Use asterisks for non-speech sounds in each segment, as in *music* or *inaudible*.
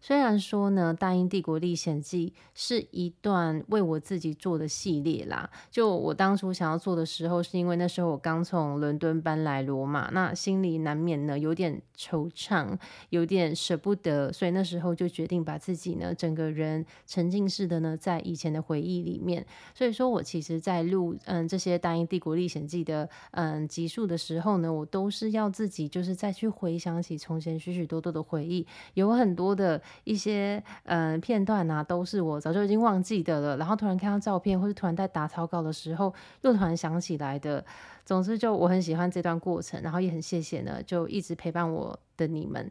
雖然說呢，《大英帝國歷險記》是一段為我自己做的系列啦。就我當初想要做的時候，是因為那時候我剛從倫敦搬來羅馬，那心裡難免呢有點惆悵，有點捨不得，所以那時候就決定把自己呢整個人沉浸式的呢在以前的回憶裡面。所以說我其實在錄嗯這些《大英帝國歷險記》的嗯集數的時候呢，我都是要自己就是再去回想起從前許許多多的回憶，有很多的。一些嗯、呃、片段啊，都是我早就已經忘記的了。然後突然看到照片，或是突然在打草稿的時候又突然想起來的。總之就我很喜歡這段過程，然後也很謝謝呢，就一直陪伴我的你們。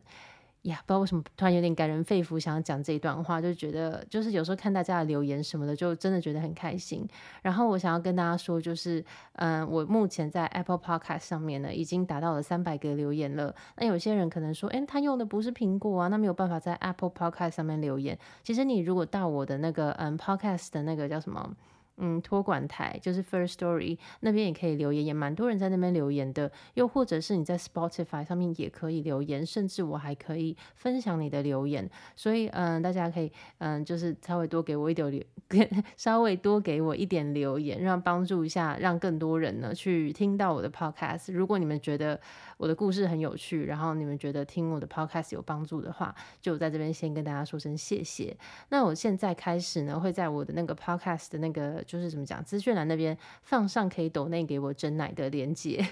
呀，不知道為什麼突然有點感人肺腑，想要講這一段話，就覺得就是有時候看大家的留言什麼的，就真的覺得很開心。然後我想要跟大家說，就是嗯，我目前在 Apple Podcast 上面呢，已經達到了三百個留言了。那有些人可能說，誒、欸，他用的不是蘋果啊，那沒有辦法在 Apple Podcast 上面留言。其實你如果到我的那個嗯 Podcast 的那個叫什麼？嗯，託管台就是 Firstory 那邊也可以留言，也蠻多人在那邊留言的。又或者是你在 Spotify 上面也可以留言，甚至我還可以分享你的留言。所以，嗯、呃，大家可以，嗯、呃，就是稍微多給我一點留，稍微多給我一點留言，讓幫助一下，讓更多人呢去聽到我的 Podcast。如果你們覺得，我的故事很有趣，然後你們覺得聽我的 podcast 有幫助的話，就在這邊先跟大家說聲謝謝。那我現在開始呢，會在我的那個 podcast 的那個就是怎麼講資訊欄那邊放上可以抖內給我珍奶的鏈接。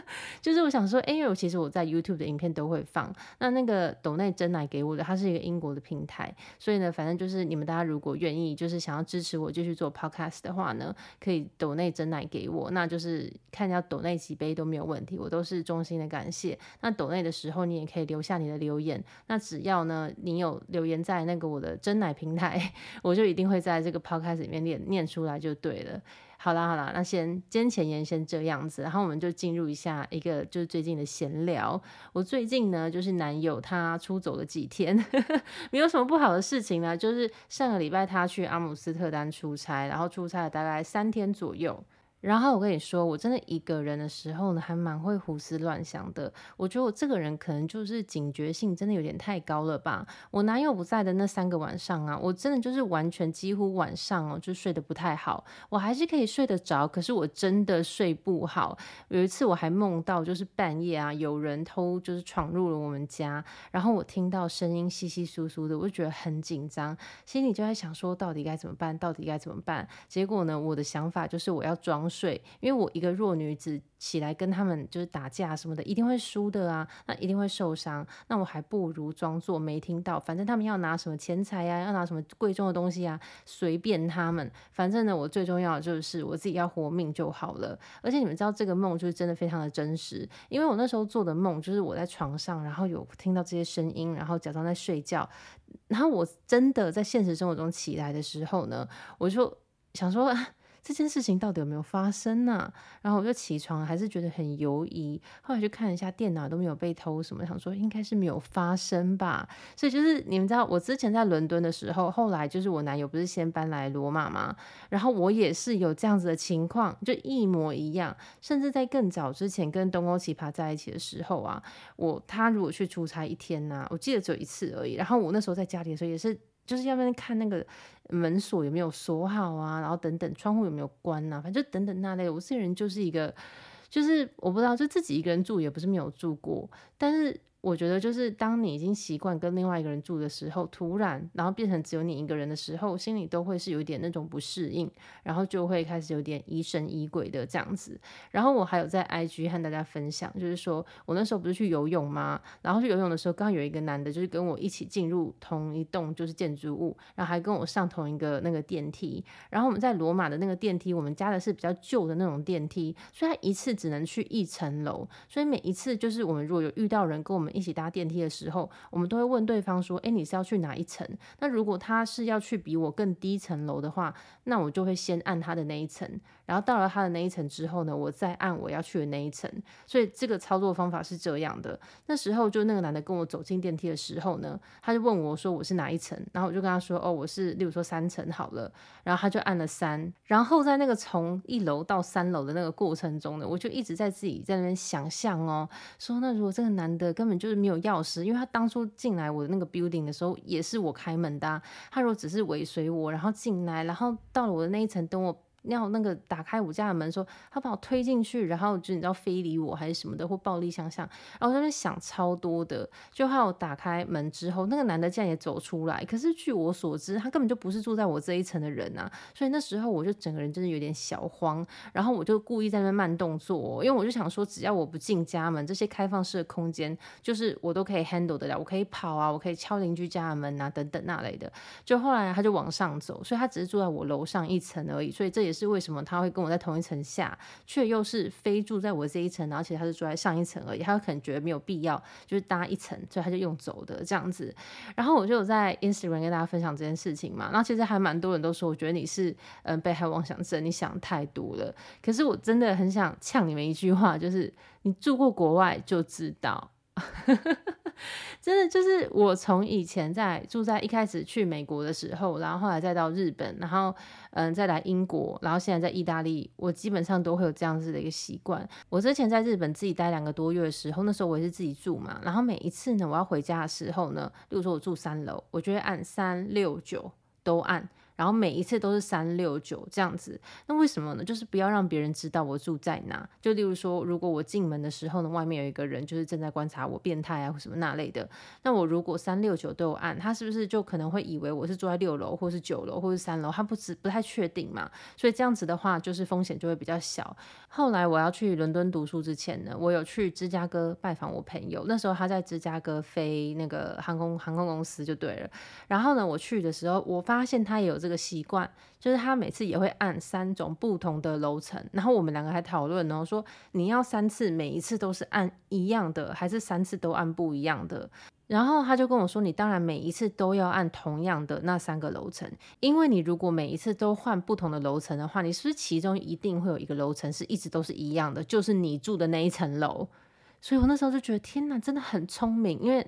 *laughs* 就是我想說，哎，因為我其實我在 YouTube 的影片都會放，那那個抖內珍奶給我的，它是一個英國的平台，所以呢，反正就是你們大家如果願意，就是想要支持我繼續做 podcast 的話呢，可以抖內珍奶給我，那就是看一下抖內幾杯都沒有問題，我都是衷心的。感謝。那抖內的時候，你也可以留下你的留言。那只要呢，你有留言在那個我的珍奶平台，我就一定會在這個 podcast 裡面念念出來就對了。好啦，好啦。那先先前言先這樣子，然後我們就進入一下一個就是最近的閒聊。我最近呢，就是男友他出走了幾天，呵呵，沒有什麼不好的事情呢，啊，就是上個禮拜他去阿姆斯特丹出差，然後出差了大概三天左右。然後我跟你說，我真的一個人的時候呢，還蠻會胡思亂想的。我覺得我這個人可能就是警覺性真的有點太高了吧。我男友不在的那三個晚上啊，我真的就是完全幾乎晚上哦就睡得不太好。我還是可以睡得着，可是我真的睡不好。有一次我還夢到就是半夜啊，有人偷就是闖入了我們家，然後我聽到聲音稀稀疏疏的，我就覺得很緊張，心裡就在想說到底該怎麼辦？到底該怎麼辦？結果呢，我的想法就是我要裝睡。睡，因為我一個弱女子起來跟他們就是打架什麼的，一定會輸的啊，那一定會受傷，那我還不如裝作沒聽到，反正他們要拿什麼錢財呀、啊，要拿什麼貴重的東西啊，隨便他們，反正呢，我最重要的就是我自己要活命就好了。而且你們知道這個夢就是真的非常的真實，因為我那時候做的夢就是我在床上，然後有聽到這些聲音，然後假裝在睡覺，然後我真的在現實生活中起來的時候呢，我就想說。這件事情到底有沒有發生呢、啊？然後我就起床，還是覺得很猶豫。後來就看一下電腦都沒有被偷什麼，想說應該是沒有發生吧。所以就是你們知道，我之前在倫敦的時候，後來就是我男友不是先搬來羅馬嗎？然後我也是有這樣子的情況，就一模一樣。甚至在更早之前跟東歐奇葩在一起的時候啊，我他如果去出差一天呢、啊，我記得只有一次而已。然後我那時候在家裡的時候也是。就是要不然看那個門鎖有沒有鎖好啊，然後等等窗戶有沒有關啊，反正等等那類。我這人就是一個，就是我不知道，就自己一個人住也不是沒有住過，但是。我覺得就是當你已經習慣跟另外一個人住的時候，突然然後變成只有你一個人的時候，心裡都會是有一點那種不適應，然後就會開始有點疑神疑鬼的這樣子。然後我還有在 IG 和大家分享，就是說我那時候不是去游泳嗎？然後去游泳的時候，剛好有一個男的，就是跟我一起進入同一棟就是建築物，然後還跟我上同一個那個電梯。然後我們在羅馬的那個電梯，我們家的是比較舊的那種電梯，所以一次只能去一層樓，所以每一次就是我們如果有遇到人跟我們。一起搭電梯的時候，我們都會問對方說：“哎，你是要去哪一層？”那如果他是要去比我更低層樓的話，那我就會先按他的那一層，然後到了他的那一層之後呢，我再按我要去的那一層。所以這個操作方法是這樣的。那時候就那個男的跟我走進電梯的時候呢，他就問我說：“我是哪一層？”然後我就跟他說：“哦，我是，例如說三層好了。”然後他就按了三。然後在那個從一樓到三樓的那個過程中呢，我就一直在自己在那邊想象哦，說那如果這個男的根本。就是沒有鑰匙，因為他當初進來我的那個 building 的時候，也是我開門的啊。他如果只是尾隨我，然後進來，然後到了我的那一層等我。然後那個打開我家的門說，他把我推進去，然後就你知道非禮我還是什麼的，或暴力相向，然後我在那邊想超多的，就還有打開門之後，那個男的竟然也走出來，可是據我所知，他根本就不是住在我這一層的人啊，所以那時候我就整個人真的有點小慌，然後我就故意在那邊慢動作，哦，因為我就想說，只要我不進家門，這些開放式的空間就是我都可以 handle 得了，我可以跑啊，我可以敲鄰居家的門啊，等等那類的，就後來他就往上走，所以他只是住在我樓上一層而已，所以這也是。是為什麼他會跟我在同一層下，卻又是非住在我這一層，然後其實他是住在上一層而已。他可能覺得沒有必要，就是搭一層，所以他就用走的這樣子。然後我就在 Instagram 跟大家分享這件事情嘛。那其實還蠻多人都說，我覺得你是嗯、呃、被害妄想症，你想的太多了。可是我真的很想嗆你們一句話，就是你住過國外就知道。 *laughs* 真的就是我從以前在住在一開始去美國的時候，然後後來再到日本，然後嗯再來英國，然後現在在意大利，我基本上都會有這樣子的一個習慣。我之前在日本自己待兩個多月的時候，那時候我也是自己住嘛，然後每一次呢，我要回家的時候呢，例如說我住三樓，我就會按三六九都按。然後每一次都是三六九這樣子，那為什麼呢？就是不要讓別人知道我住在哪。就例如說，如果我進門的時候呢，外面有一個人就是正在觀察我變態啊或什麼那類的，那我如果三六九都有按，他是不是就可能會以為我是住在六樓，或是九樓，或是三樓，他不知不太確定嘛。所以這樣子的話，就是風險就會比較小。後來我要去倫敦讀書之前呢，我有去芝加哥拜訪我朋友，那時候他在芝加哥飛那個航空航空公司就對了。然後呢，我去的時候，我發現他也有這。這個習慣，就是他每次也會按三種不同的樓層，然後我們兩個還討論，然後說你要三次，每一次都是按一樣的，還是三次都按不一樣的？然後他就跟我說，你當然每一次都要按同樣的那三個樓層，因為你如果每一次都換不同的樓層的話，你是不是其中一定會有一個樓層是一直都是一樣的，就是你住的那一層樓。所以我那時候就覺得，天哪，真的很聰明，因為。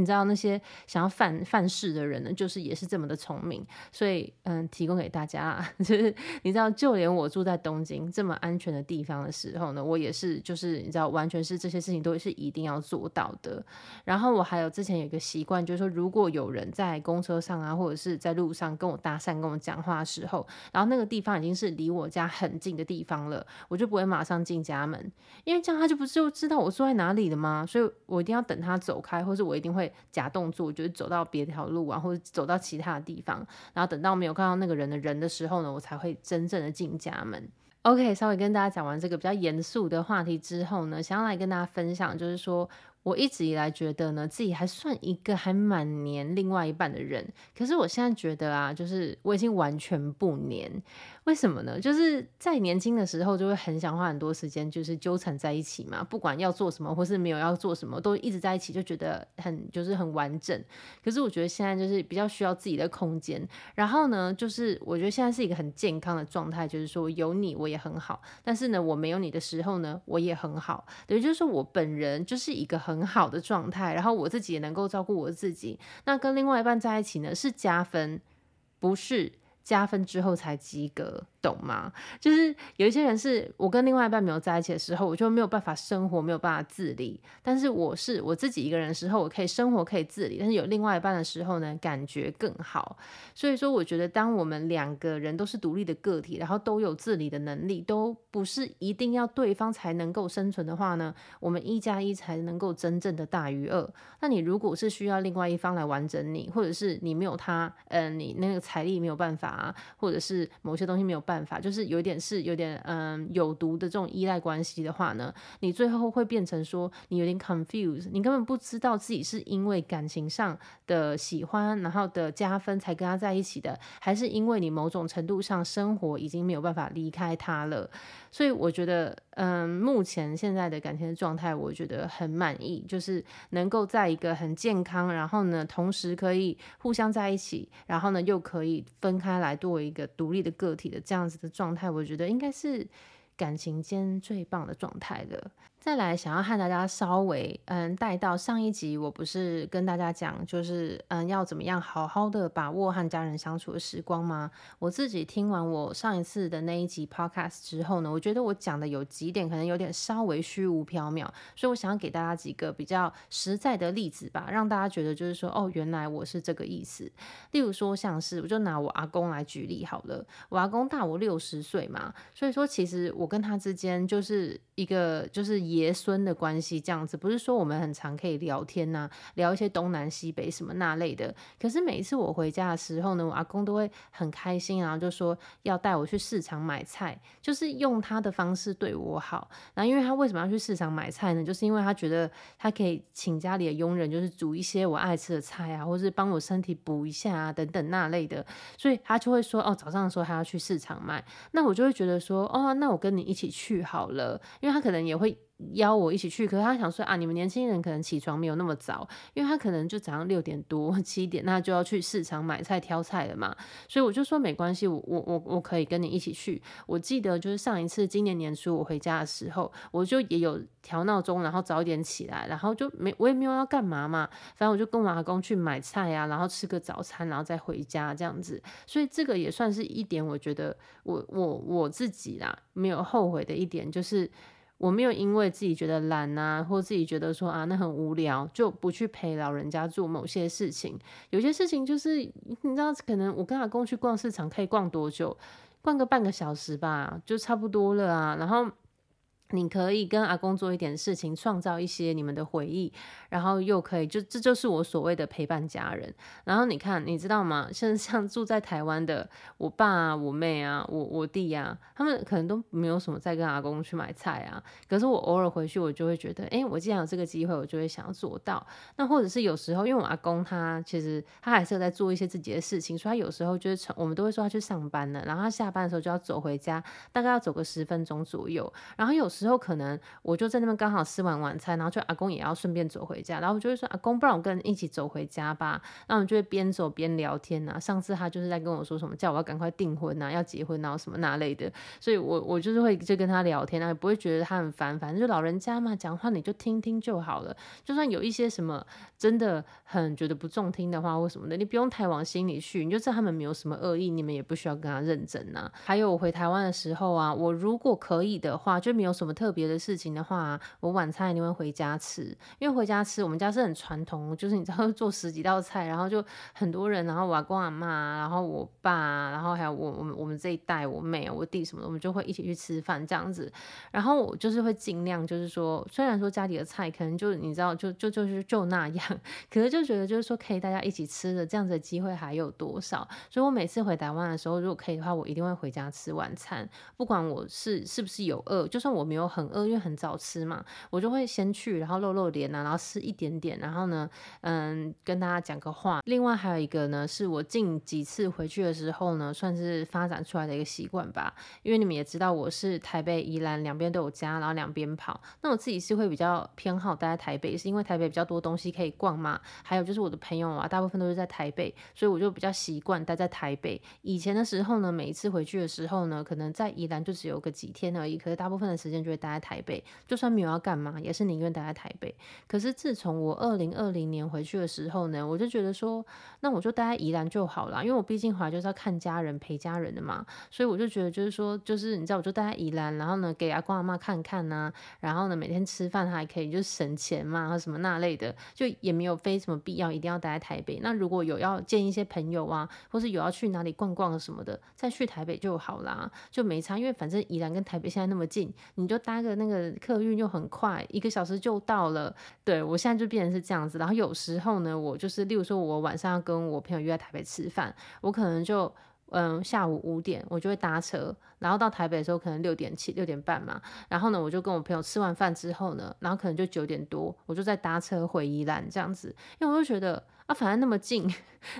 你知道那些想要犯犯事的人呢，就是也是這麼的聰明，所以嗯，提供給大家，就是你知道，就連我住在東京這麼安全的地方的時候呢，我也是就是你知道，完全是這些事情都是一定要做到的。然後我還有之前有一個習慣，就是說如果有人在公車上啊，或者是在路上跟我搭訕、跟我講話的時候，然後那個地方已經是離我家很近的地方了，我就不會馬上進家門，因為這樣他就不就知道我住在哪裡了嗎？所以我一定要等他走開，或者我一定會。假動作，就是走到別條路啊，或者走到其他的地方，然後等到沒有看到那個人的人的時候呢，我才會真正的進家門。OK，稍微跟大家講完這個比較嚴肅的話題之後呢，想要來跟大家分享，就是說我一直以來覺得呢，自己還算一個還蠻黏另外一半的人，可是我現在覺得啊，就是我已經完全不黏。為什麼呢？就是在年輕的時候就會很想花很多時間，就是糾纏在一起嘛。不管要做什麼，或是沒有要做什麼，都一直在一起，就覺得很就是很完整。可是我覺得現在就是比較需要自己的空間。然後呢，就是我覺得現在是一個很健康的狀態，就是說有你我也很好，但是呢，我沒有你的時候呢，我也很好。等於就是說我本人就是一個很好的狀態，然後我自己也能夠照顧我自己。那跟另外一半在一起呢，是加分，不是？加分之後才及格。懂嗎？就是有一些人是我跟另外一半沒有在一起的時候，我就沒有辦法生活，沒有辦法自理。但是我是我自己一個人的時候，我可以生活，可以自理。但是有另外一半的時候呢，感覺更好。所以說，我覺得當我們兩個人都是獨立的個體，然後都有自理的能力，都不是一定要對方才能夠生存的話呢，我們一加一才能夠真正的大於二。那你如果是需要另外一方來完整你，或者是你沒有他，嗯、呃，你那個財力沒有辦法、啊，或者是某些東西沒有辦法、啊。辦法就是有點是有點嗯有毒的這種依賴關係的話呢，你最後會變成說你有點 confused，你根本不知道自己是因為感情上的喜歡，然後的加分才跟他在一起的，還是因為你某種程度上生活已經沒有辦法離開他了。所以我覺得嗯，目前現在的感情的狀態，我覺得很滿意，就是能夠在一個很健康，然後呢，同時可以互相在一起，然後呢又可以分開來作為一個獨立的個體的這樣。這樣子的狀態，我覺得應該是感情間最棒的狀態了。再來想要和大家稍微嗯帶到上一集，我不是跟大家講，就是嗯要怎麼樣好好的把握和家人相處的時光嗎？我自己聽完我上一次的那一集 podcast 之後呢，我覺得我講的有幾點可能有點稍微虛無縹緲，所以我想要給大家幾個比較實在的例子吧，讓大家覺得就是說哦，原來我是這個意思。例如說像是我就拿我阿公來舉例好了，我阿公大我六十歲嘛，所以說其實我跟他之間就是一個就是。爺孫的關係這樣子，不是說我們很常可以聊天吶、啊，聊一些東南西北什麼那類的。可是每一次我回家的時候呢，我阿公都會很開心、啊，然後就說要帶我去市場買菜，就是用他的方式對我好。然後，因為他為什麼要去市場買菜呢？就是因為他覺得他可以請家裡的傭人，就是煮一些我愛吃的菜啊，或是幫我身體補一下啊，等等那類的。所以，他就會說：“哦，早上的時候還要去市場買。”那我就會覺得說：“哦，那我跟你一起去好了。”因為他可能也會。邀我一起去，可是他想說啊，你們年輕人可能起床沒有那麼早，因為他可能就早上六點多七點，那就要去市場買菜挑菜了嘛。所以我就說沒關係，我我我我可以跟你一起去。我記得就是上一次今年年初我回家的時候，我就也有調鬧鐘，然後早點起來，然後就沒我也沒有要幹嘛嘛，反正我就跟我阿公去買菜啊，然後吃個早餐，然後再回家這樣子。所以這個也算是一點，我覺得我我我自己啦，沒有後悔的一點就是。我沒有因為自己覺得懶啊，或自己覺得說啊，那很無聊，就不去陪老人家做某些事情。有些事情就是，你知道，可能我跟阿公去逛市場可以逛多久？逛個半個小時吧，就差不多了啊，然後。你可以跟阿公做一點事情，創造一些你們的回憶，然後又可以，就這就是我所謂的陪伴家人。然後你看，你知道嗎？像像住在台灣的我爸啊、我妹啊、我我弟啊，他們可能都沒有什麼在跟阿公去買菜啊。可是我偶爾回去，我就會覺得，哎，我既然有這個機會，我就會想要做到。那或者是有時候，因為我阿公他其實他還是在做一些自己的事情，所以他有時候就是成，我們都會說他去上班了，然後他下班的時候就要走回家，大概要走個十分鐘左右，然後有時。之後可能我就在那邊剛好吃完晚餐，然後就阿公也要順便走回家，然後我就會說阿公，不然我跟一起走回家吧。那我們就會邊走邊聊天啊。上次他就是在跟我說什麼，叫我要趕快訂婚啊，要結婚然後什麼那類的，所以我我就是會就跟他聊天啊，也不會覺得他很煩。反正就老人家嘛，講話你就聽聽就好了。就算有一些什麼真的很覺得不中聽的話或什麼的，你不用太往心裡去，你就知道他們沒有什麼惡意，你們也不需要跟他認真啊。還有我回台灣的時候啊，我如果可以的話，就沒有什麼。特別的事情的話，我晚餐一定會回家吃，因為回家吃，我們家是很傳統，就是你知道做十幾道菜，然後就很多人，然後我阿公、阿嬤，然後我爸，然後還有我、我們、我們這一代，我妹、我弟什麼的，我們就會一起去吃飯這樣子。然後我就是會盡量，就是說，雖然說家裡的菜可能就你知道，就就就是就，就，就那樣，可是就覺得就是說，可以大家一起吃的這樣子的機會還有多少？所以我每次回台灣的時候，如果可以的話，我一定會回家吃晚餐，不管我是是不是有餓，就算我沒有。有很餓，因為很早吃嘛，我就會先去，然後露露臉啊，然後吃一點點，然後呢，嗯，跟大家講個話。另外還有一個呢，是我近幾次回去的時候呢，算是發展出來的一個習慣吧。因為你們也知道，我是台北、宜蘭兩邊都有家，然後兩邊跑。那我自己是會比較偏好待在台北，是因為台北比較多東西可以逛嘛。還有就是我的朋友啊，大部分都是在台北，所以我就比較習慣待在台北。以前的時候呢，每一次回去的時候呢，可能在宜蘭就只有個幾天而已，可是大部分的時間就。待在台北，就算沒有要幹嘛，也是寧願待在台北。可是自從我二零二零年回去的時候呢，我就覺得說，那我就待在宜蘭就好了，因為我畢竟回來就是要看家人、陪家人的嘛。所以我就覺得，就是說，就是你知道，我就待在宜蘭，然後呢，給阿公阿嬤看看啊，然後呢，每天吃飯還可以，就是省錢嘛，什麼那類的，就也沒有非什麼必要一定要待在台北。那如果有要見一些朋友啊，或是有要去哪裡逛逛什麼的，再去台北就好啦，就沒差。因為反正宜蘭跟台北現在那麼近，你就搭個那個客運又很快，一個小時就到了。對，我現在就變成是這樣子，然後有時候呢，我就是例如說，我晚上要跟我朋友約在台北吃飯，我可能就嗯，下午五點我就會搭車，然後到台北的時候可能六點七六點半嘛，然後呢，我就跟我朋友吃完飯之後呢，然後可能就九點多我就再搭車回宜蘭這樣子，因為我就覺得啊，反正那麼近。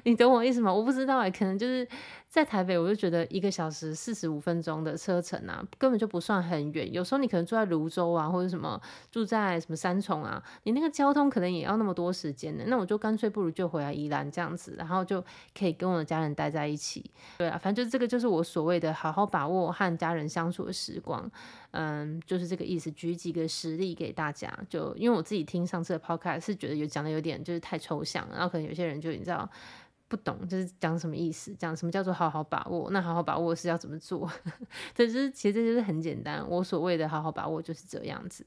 你懂我意思嗎？我不知道欸，可能就是在台北，我就覺得一個小時四十五分鐘的車程啊，根本就不算很遠。有時候你可能住在蘆洲啊，或者什麼住在什麼三重啊，你那個交通可能也要那麼多時間的。那我就乾脆不如就回來宜蘭這樣子，然後就可以跟我的家人待在一起。對啊，反正就這個就是我所謂的好好把握和家人相處的時光。嗯，就是這個意思。舉幾個實例給大家，就因為我自己聽上次的 podcast 是覺得有講的有點就是太抽象，然後可能有些人就你知道。不懂，就是講什麼意思，講什麼叫做好好把握，那好好把握是要怎麼做？但、 *laughs* 就是其實就是很簡單，我所謂的好好把握就是這樣子。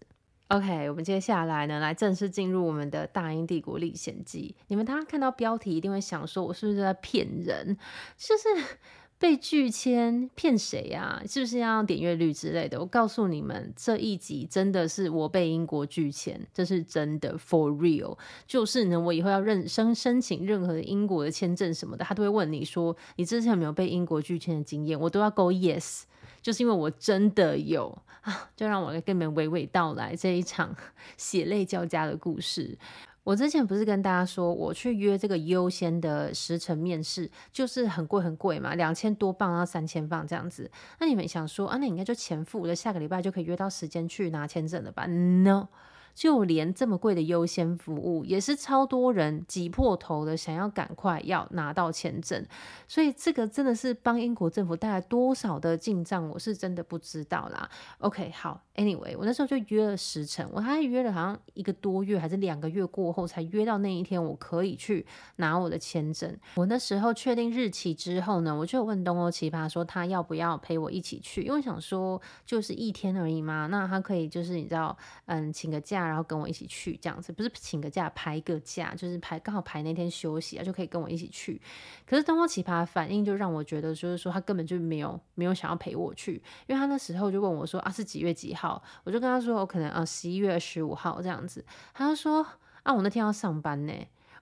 OK，我們接下來呢，來正式進入我們的《大英帝國歷險記》。你們當看到標題，一定會想說，我是不是在騙人？就是。被拒簽騙誰呀？是不是要點閱率之類的？我告訴你們，這一集真的是我被英國拒簽，這是真的，for real。就是呢，我以後要認申申請任何英國的簽證什麼的，他都會問你說你之前有沒有被英國拒簽的經驗，我都要 go yes，就是因為我真的有啊。就讓我跟你們娓娓道來這一場血淚交加的故事。我之前不是跟大家說，我去約這個優先的時程面試，就是很貴很貴嘛，兩千多鎊到三千鎊這樣子。那你們想說啊，那應該就前付，那下個禮拜就可以約到時間去拿簽證了吧？No。就連這麼貴的優先服務，也是超多人擠破頭的，想要趕快要拿到簽證。所以這個真的是幫英國政府帶來多少的進賬，我是真的不知道啦。OK，好，Anyway，我那時候就約了時程，我還約了好像一個多月還是兩個月過後才約到那一天我可以去拿我的簽證。我那時候確定日期之後呢，我就問東歐奇葩說他要不要陪我一起去，因為我想說就是一天而已嘛，那他可以就是你知道，嗯，請個假。然後跟我一起去這樣子，不是請個假，排個假，就是排剛好排那天休息啊，就可以跟我一起去。可是東方奇葩反應就讓我覺得，就是說他根本就沒有沒有想要陪我去，因為他那時候就問我說啊，是幾月幾號，我就跟他說我可能啊十一月十五號這樣子，他就說啊我那天要上班呢。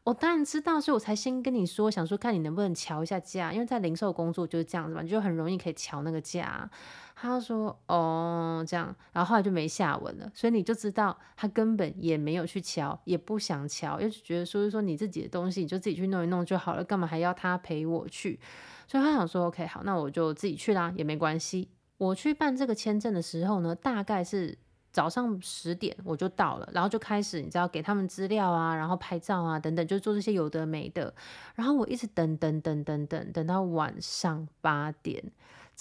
我、oh, 當然知道，所以我才先跟你說，想說看你能不能喬一下假，因為在零售工作就是這樣子嘛，就很容易可以喬那個假。他說哦、oh, 這樣，然後後來就沒下文了，所以你就知道他根本也沒有去喬，也不想喬，就覺得說是說你自己的東西你就自己去弄一弄就好了，幹嘛還要他陪我去？所以他想說 OK 好，那我就自己去啦，也沒關係。我去辦這個簽證的時候呢，大概是。早上十點我就到了，然後就開始你知道給他們資料啊，然後拍照啊等等，就是做這些有的沒的。然後我一直等等等等等等，等到晚上八點。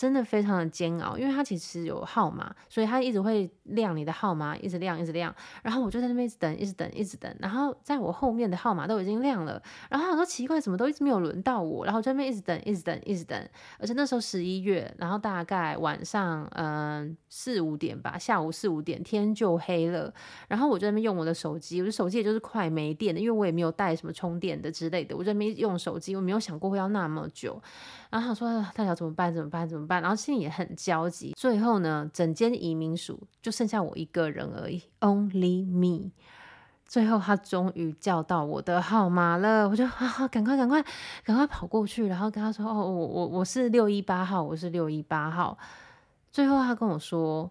真的非常的煎熬，因為他其實有號碼，所以他一直會亮你的號碼，一直亮，一直亮。然後我就在那邊等，一直等，一直等。然後在我後面的號碼都已經亮了，然後我說奇怪，怎麼都一直沒有輪到我？然後在那邊一直等，一直等，一直等。而且那時候十一月，然後大概晚上嗯四五點吧，下午四五點天就黑了。然後我就在那邊用我的手機，我的手機也就是快沒電了，因為我也沒有帶什麼充電的之類的。我就在那邊用手機，我沒有想過會要那麼久。然後我說、呃、大小怎麼辦？怎麼辦？怎麼辦？然後心裡也很焦急，最後呢，整間移民署就剩下我一個人而已，Only me。最後他終於叫到我的號碼了，我就啊，趕快趕快趕快跑過去，然後跟他說：“哦，我我我是六一八號，我是六一八號。”最後他跟我說：“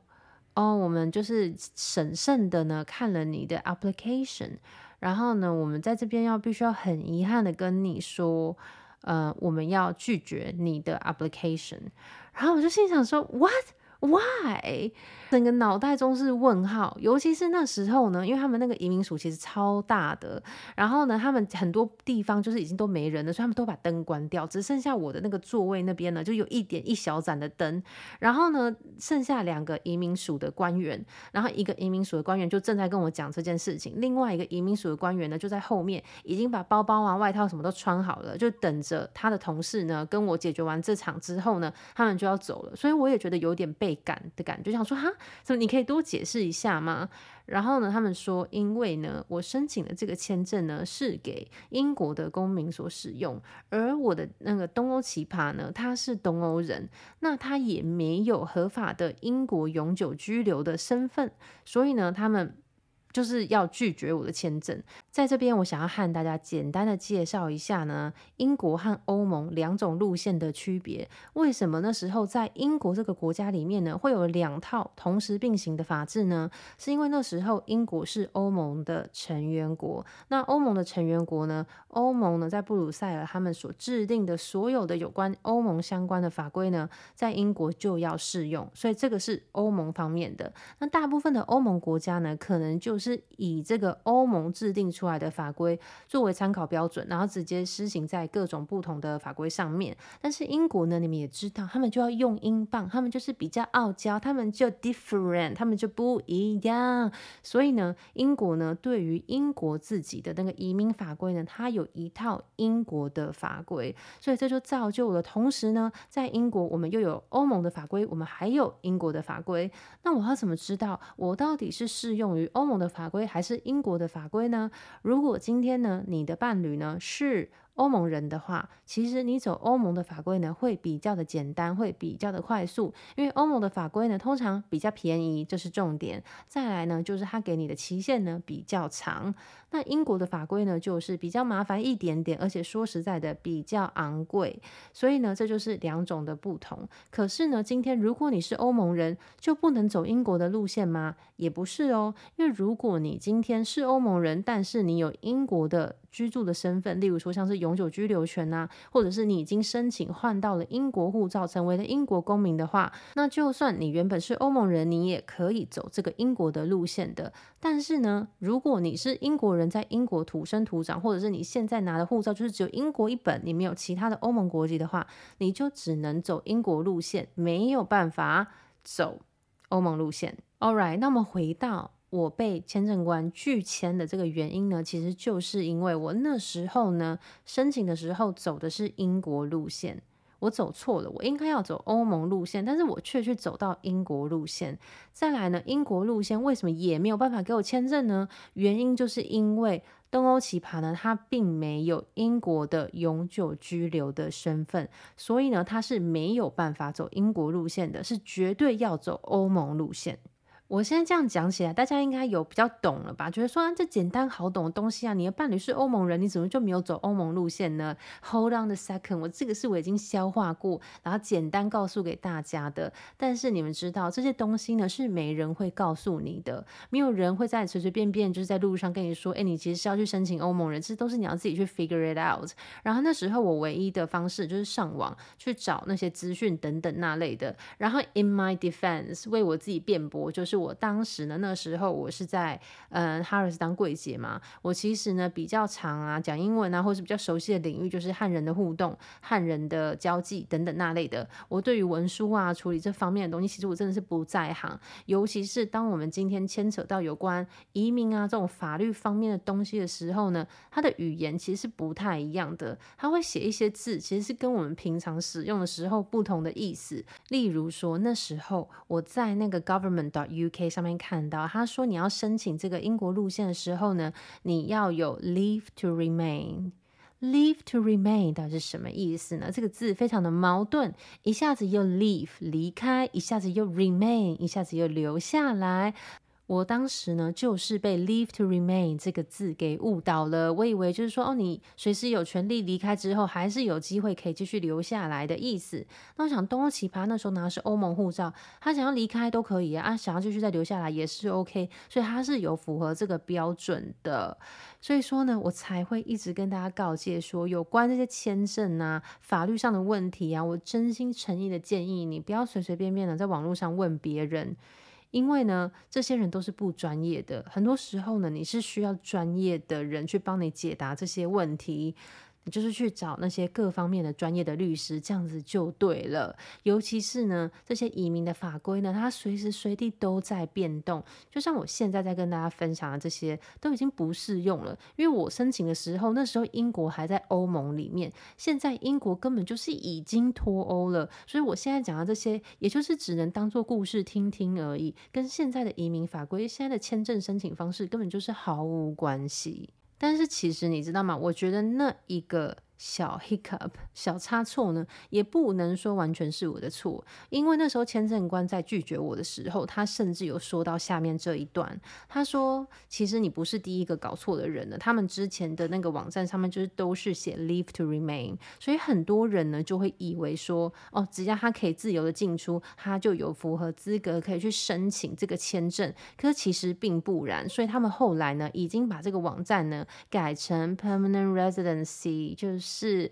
哦，我們就是審慎的呢看了你的 application，然後呢，我們在這邊要必須要很遺憾的跟你說，呃，我們要拒絕你的 application。”然後我就心想說：“What？” Why？整個腦袋中是問號。尤其是那時候呢，因為他們那個移民署其實超大的，然後呢，他們很多地方就是已經都沒人了，所以他們都把燈關掉，只剩下我的那個座位那邊呢，就有一點一小盞的燈。然後呢，剩下兩個移民署的官員，然後一個移民署的官員就正在跟我講這件事情，另外一個移民署的官員呢，就在後面已經把包包啊、外套什麼都穿好了，就等着他的同事呢跟我解決完這場之後呢，他們就要走了。所以我也覺得有點被。感的感覺，就想說哈，怎麼你可以多解釋一下嗎？然後呢，他們說，因為呢，我申請的這個簽證呢是給英國的公民所使用，而我的那個東歐奇葩呢，他是東歐人，那他也沒有合法的英國永久居留的身份，所以呢，他們。就是要拒絕我的簽證。在這邊，我想要和大家簡單的介紹一下呢，英國和歐盟兩種路線的區別。為什麼那時候在英國這個國家裡面呢，會有兩套同時並行的法制呢？是因為那時候英國是歐盟的成員國。那歐盟的成員國呢，歐盟呢在布魯塞爾他們所制定的所有的有關歐盟相關的法規呢，在英國就要適用。所以這個是歐盟方面的。那大部分的歐盟國家呢，可能就是是以這個歐盟制定出來的法規作為參考標準，然後直接施行在各種不同的法規上面。但是英國呢，你們也知道，他們就要用英鎊，他們就是比較傲嬌，他們就 different，他們就不一樣。所以呢，英國呢，對於英國自己的那個移民法規呢，它有一套英國的法規。所以這就造就了，同時呢，在英國我們又有歐盟的法規，我們還有英國的法規。那我要怎麼知道我到底是適用於歐盟的法規，法規還是英國的法規呢？如果今天呢，你的伴侶呢，是歐盟人的話，其實你走歐盟的法規呢，會比較的簡單，會比較的快速，因為歐盟的法規呢，通常比較便宜，這是重點。再來呢，就是他給你的期限呢比較長。那英國的法規呢，就是比較麻煩一點點，而且說實在的比較昂貴。所以呢，這就是兩種的不同。可是呢，今天如果你是歐盟人，就不能走英國的路線嗎？也不是哦，因為如果你今天是歐盟人，但是你有英國的。居住的身份，例如說像是永久居留權啊，或者是你已經申請換到了英國護照，成為了英國公民的話，那就算你原本是歐盟人，你也可以走這個英國的路線的。但是呢，如果你是英國人在英國土生土長，或者是你現在拿的護照就是只有英國一本，你沒有其他的歐盟國籍的話，你就只能走英國路線，沒有辦法走歐盟路線。All right，那我們回到。我被簽證官拒簽的這個原因呢，其實就是因為我那時候呢申請的時候走的是英國路線，我走錯了，我應該要走歐盟路線，但是我卻去走到英國路線。再來呢，英國路線為什麼也沒有辦法給我簽證呢？原因就是因為東歐奇葩呢，他並沒有英國的永久居留的身份，所以呢，他是沒有辦法走英國路線的，是絕對要走歐盟路線。我現在這樣講起來，大家應該有比較懂了吧？就是說，這簡單好懂的東西啊，你的伴侶是歐盟人，你怎麼就沒有走歐盟路線呢？Hold on the second，我這個是我已經消化過，然後簡單告訴給大家的。但是你們知道這些東西呢，是沒人會告訴你的，沒有人會在隨隨便便就是在路上跟你說，哎，你其實是要去申請歐盟人，這都是你要自己去 figure it out。然後那時候我唯一的方式就是上網去找那些資訊等等那類的。然後 in my defense，為我自己辯駁，就是。我當時呢，那時候我是在嗯 Harrods 當櫃姐嘛。我其實呢比較常啊，講英文啊，或是比較熟悉的領域就是漢人的互動、漢人的交際等等那類的。我對於文書啊、處理這方面的東西，其實我真的是不在行。尤其是當我們今天牽扯到有關移民啊這種法律方面的東西的時候呢，他的語言其實是不太一樣的。他會寫一些字，其實是跟我們平常使用的時候不同的意思。例如說，那時候我在那個 government dot u 可以上面看到，他說你要申請這個英國路線的時候呢，你要有 leave to remain。Leave to remain 到底是什麼意思呢？這個字非常的矛盾，一下子又 leave 離開，一下子又 remain，一下子又留下來。我當時呢，就是被 leave to remain 這個字給誤導了，我以為就是說，哦，你隨時有權利離開之後，還是有機會可以繼續留下來的意思。那我想，東奇葩那時候拿的是歐盟護照，他想要離開都可以啊，啊，想要繼續再留下來也是 OK，所以他是有符合這個標準的。所以說呢，我才會一直跟大家告誡說，有關這些簽證啊、法律上的問題啊，我真心誠意的建議你，你不要隨隨便便的在網絡上問別人。因為呢，這些人都是不專業的，很多時候呢，你是需要專業的人去幫你解答這些問題。你就是去找那些各方面的專業的律師，這樣子就對了。尤其是呢，這些移民的法規呢，它隨時隨地都在變動。就像我現在在跟大家分享的這些，都已經不適用了。因為我申請的時候，那時候英國還在歐盟裡面，現在英國根本就是已經脫歐了，所以我現在講的這些，也就是只能當做故事聽聽而已，跟現在的移民法規、現在的簽證申請方式根本就是毫無關係。但是其實你知道嗎？我覺得那一個。小 hiccup 小差錯呢，也不能說完全是我的錯，因為那時候簽證官在拒絕我的時候，他甚至有說到下面這一段，他說：“其實你不是第一個搞錯的人呢，他們之前的那個網站上面就是都是寫 leave to remain，所以很多人呢就會以為說，哦，只要他可以自由的進出，他就有符合資格可以去申請這個簽證，可是其實並不然，所以他們後來呢已經把這個網站呢改成 permanent residency，就是。”是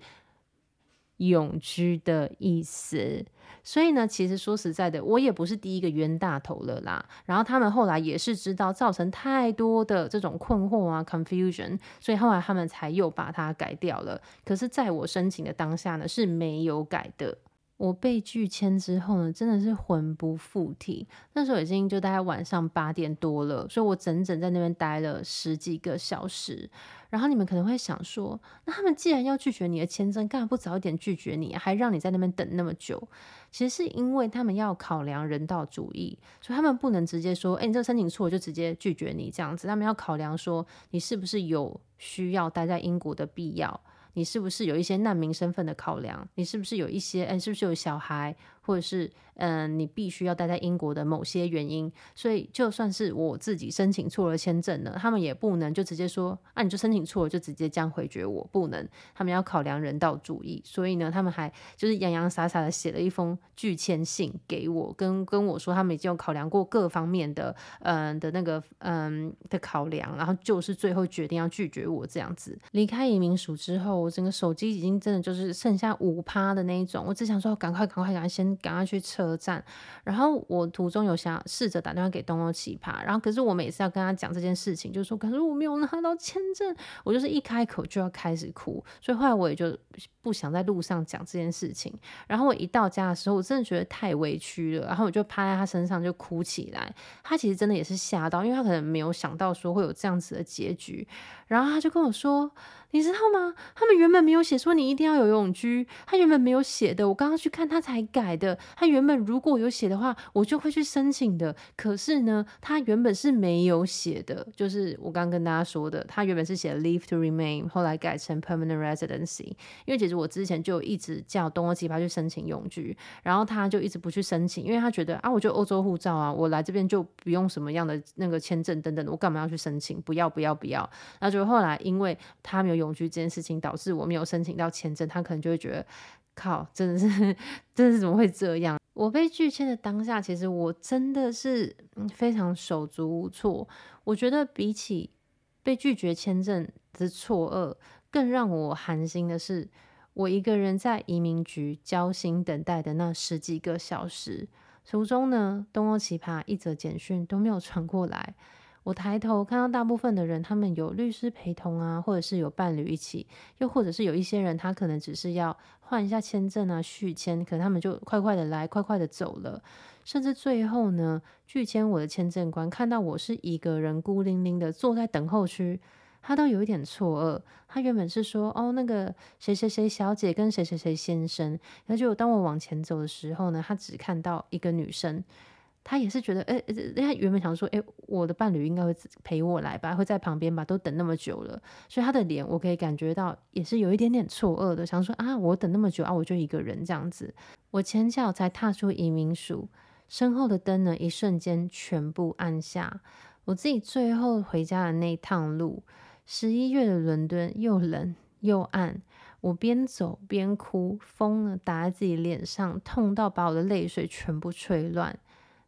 永居的意思，所以呢，其實說實在的，我也不是第一個冤大頭了啦。然後他們後來也是知道造成太多的這種困惑啊，confusion，所以後來他們才又把它改掉了。可是，在我申請的當下呢，是沒有改的。我被拒簽之後呢，真的是魂不附體。那時候已經就大概晚上八點多了，所以我整整在那邊待了十幾個小時。然後你們可能會想說，那他們既然要拒絕你的簽證，幹嘛不早一點拒絕你，還讓你在那邊等那麼久？其實是因為他們要考量人道主義，所以他們不能直接說，哎、欸，你這個申請錯，我就直接拒絕你這樣子。他們要考量說，你是不是有需要待在英國的必要。你是不是有一些難民身份的考量？你是不是有一些，嗯，是不是有小孩，或者是。嗯，你必須要待在英國的某些原因，所以就算是我自己申請錯了簽證呢，他們也不能就直接說，啊，你就申請錯了，就直接這樣回絕我，不能，他們要考量人道主義，所以呢，他們還就是洋洋灑灑的寫了一封拒簽信給我，跟跟我說他們已經有考量過各方面的，嗯的那個嗯的考量，然後就是最後決定要拒絕我這樣子。離開移民署之後，我整個手機已經真的就是剩下五趴的那一種，我只想說哦，趕快趕快趕快，先趕快去撤車站，然後我途中有想試着打電話給東歐奇葩，然後可是我每次要跟他講這件事情，就是說可是我沒有拿到簽證，我就是一開口就要開始哭，所以後來我也就不想在路上講這件事情。然後我一到家的時候，我真的覺得太委屈了，然後我就趴在他身上就哭起來。他其實真的也是嚇到，因為他可能沒有想到說會有這樣子的結局。然後他就跟我說：“你知道嗎？他們原本沒有寫說你一定要有永居，他原本沒有寫的。我剛剛去看他才改的。他原本如果有寫的話，我就會去申請的。可是呢，他原本是沒有寫的。就是我剛剛跟大家說的，他原本是寫 leave to remain，後來改成 permanent residency。因為其實我之前就一直叫東歐奇巴去申請永居，然後他就一直不去申請，因為他覺得啊，我就歐洲護照啊，我來這邊就不用什麼樣的那個簽證等等的，我幹嘛要去申請？不要不要不要，不要然後就。”就後來，因為他沒有永居這件事情，導致我沒有申請到簽證，他可能就會覺得，靠，真的是，真的是怎麼會這樣？我被拒簽的當下，其實我真的是非常手足無措。我覺得比起被拒絕簽證的錯愕，更讓我寒心的是，我一個人在移民局焦心等待的那十幾個小時，途中呢，東歐奇葩一則簡訊都沒有傳過來。我抬頭看到大部分的人，他們有律師陪同啊，或者是有伴侶一起，又或者是有一些人，他可能只是要換一下簽證啊、續簽，可他們就快快的來，快快的走了。甚至最後呢，拒簽我的簽證官看到我是一個人孤零零的坐在等候區，他都有一點錯愕。他原本是說，哦，那個誰誰誰小姐跟誰誰誰先生，那就當我往前走的時候呢，他只看到一個女生。他也是覺得，哎、欸，人、欸、家原本想說，哎、欸，我的伴侶應該會陪我來吧，會在旁邊吧，都等那麼久了，所以他的臉我可以感覺到，也是有一點點錯愕的，想說啊，我等那麼久啊，我就一個人這樣子。我前腳才踏出移民署，身後的燈呢，一瞬間全部暗下。我自己最後回家的那一趟路，十一月的倫敦又冷又暗，我邊走邊哭，風呢打在自己臉上，痛到把我的淚水全部吹亂。